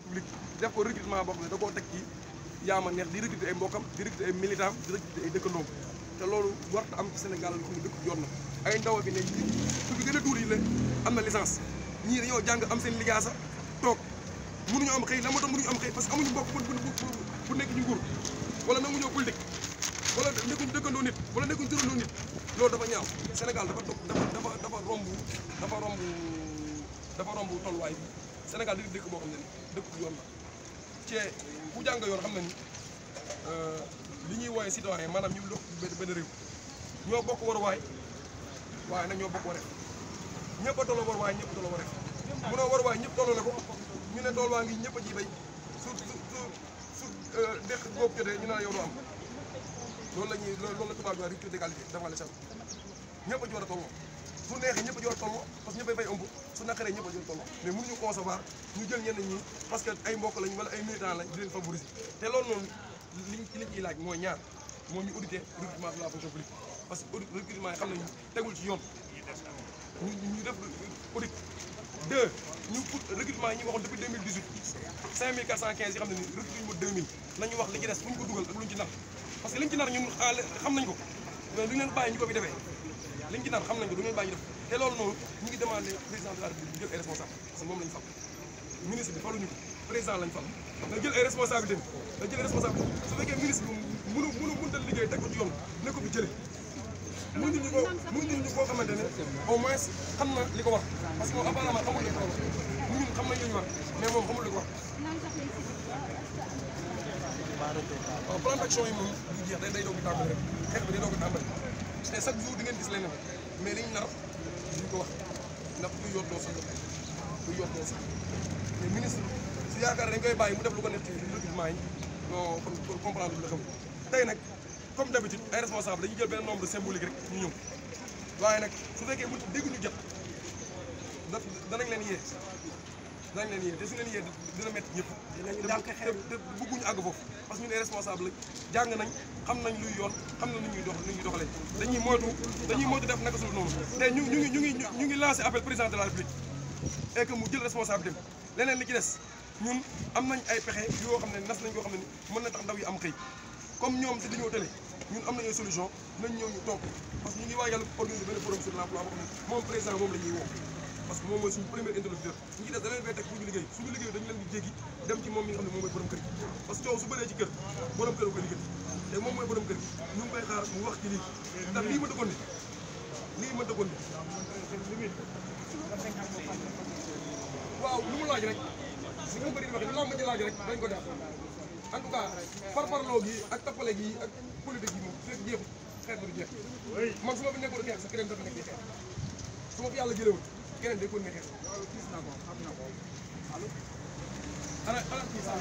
publique def ko recrutement boo xam ne da koo teg ci yaama neex di recruter ay mbokkam di recruter ay militant di recruter ay dëkkandoom te loolu war na am ci Sénégal la xam ne dëkk yoon na ay ndaw bi ne su a tuur yi la am na licence ñii dañoo jàng am seen ligaasa toog mënuñu am xëy la moo tax mënuñu am xëy parce que amuñu mbokk bu bu nekk ñu nguur wala nanguñoo wala nekkuñ dëkkandoo nit wala nekkuñ tërandoo nit loolu dafa ñaaw Sénégal dafa dafa dafa dafa romb dafa romb dafa romb tolluwaay Sénégal dañuy dëkk boo xam ne ni dëkk yoon la cee ku jàng yoon xam na ni euh, li ñuy wooye citoyen maanaam ñu dox benn réew ñoo bokk waruwaay waaye nag ñoo bokk wareef ñëpp a tolloo waruwaay ñëpp a tolloo wareef munoo waruwaay ñëpp tolloo na ko ñu ne tool waa ngi ñëpp a ciy bay su su su su euh, deq góob jotee ñu ne la yow doo am loolu la ñuy loolu la tubaab bi wax rupture d'égalité devant les chances ñëpp a ci war a tolloo bu neexee ñëpp a jor tolloo parce que ñëpp a fay ëmb su naqaree ñëpp a jor tolloo mais mënuñu concevoir ñu jël ñenn ñi parce que ay mbokk lañ wala ay militants lañ di te loolu noonu liñ liñ ciy laaj mooy ñaar moom ñu audité recrutement de la fonction publique parce que audit recrutement yi xam nañu tegul ci yoon ñu ñu def audit deux ñu pour recrutement yi ñu waxoon depuis yi xam ne ni recrutement mo 2000 la ñu wax li ci des fu ñu ko dugal ak lu ñu ci nar parce que li ñu ci nar ñun xaale xam ko mais duñ liñ ci naan xam nañ ko du ngeen bàyyi te loolu noonu ñu ngi demandé président de la république jël ay responsable parce que moom lañ fal ministre bi faluñu président lañ fal nga jël ay responsabilité nga jël responsable su fekkee ministre bi mënu mënu mënta liggéey teg ko ci yoon ne ko fi jëlee mu nit ñi ko mu nit ñi koo xamante ne au moins xam na li ko wax parce que moom apparemment xamul li ko wax ñun xam na li ñu ma mais moom xamul li ko wax waaw plan d'action yi moom du jeex day doog a tàmbali rek bi day a te chaque jour di ngeen gis leneen mais liñ nar duñ ko wax ndax kuy yoddoo sax kuy yoddoo sax te ministre su yaakaar dañ koy bàyyi mu def lu ko nekk ci recrutement yi non kon comprendre lu la tey nag comme d'habitude ay responsable dañuy jël benn nombre symbolique rek ñu ñëw waaye nag su fekkee mu dégg ñu jot daf danañ leen yee dinañ leen yee te su leen yee dina métti ñëpp te bëgguñu àgg foofu parce que ñu ne responsable jàng nañ xam nañ luy yoon xam nañ lu ñuy dox lu ñuy doxalee dañuy moytu dañuy moytu def naka suñu noonu te ñu ngi ñu ngi ñu ngi lancé appel président de la république et que mu jël responsable dem leneen li ci des ñun am nañ ay pexe yoo xam ne nas nañ yoo xam ne mën na tax ndaw yi am xëy comme ñoom si dañoo tële ñun am nañu solution dinañ ñëw ñu toog parce que ñu ngi waajal organiser benn forum ne moom la ñuy parce que moom mooy suñu premier interlocuteur ñi des da leen fay teg ñu liggéey suñu liggéey dañu leen di jéggi dem ci moom mi nga xam ne moom mooy borom kër gi parce que su bëree ci kër borom kër koy liggéey moom mooy borom kër gi ñu ngi koy ma dëggoon ni lii ma dëggoon ni waaw lu laaj rek si nga bëri di waxee lu lamb ji laaj rek dañ ko def en tout cas parparloo gi ak tappale gi ak politique yi moom su ma fi nekkoon xeex keneen dafa nekk di xeex su ma fi yàlla jëlewul keneen day ko météo loolu gis na ko xam na ko allo.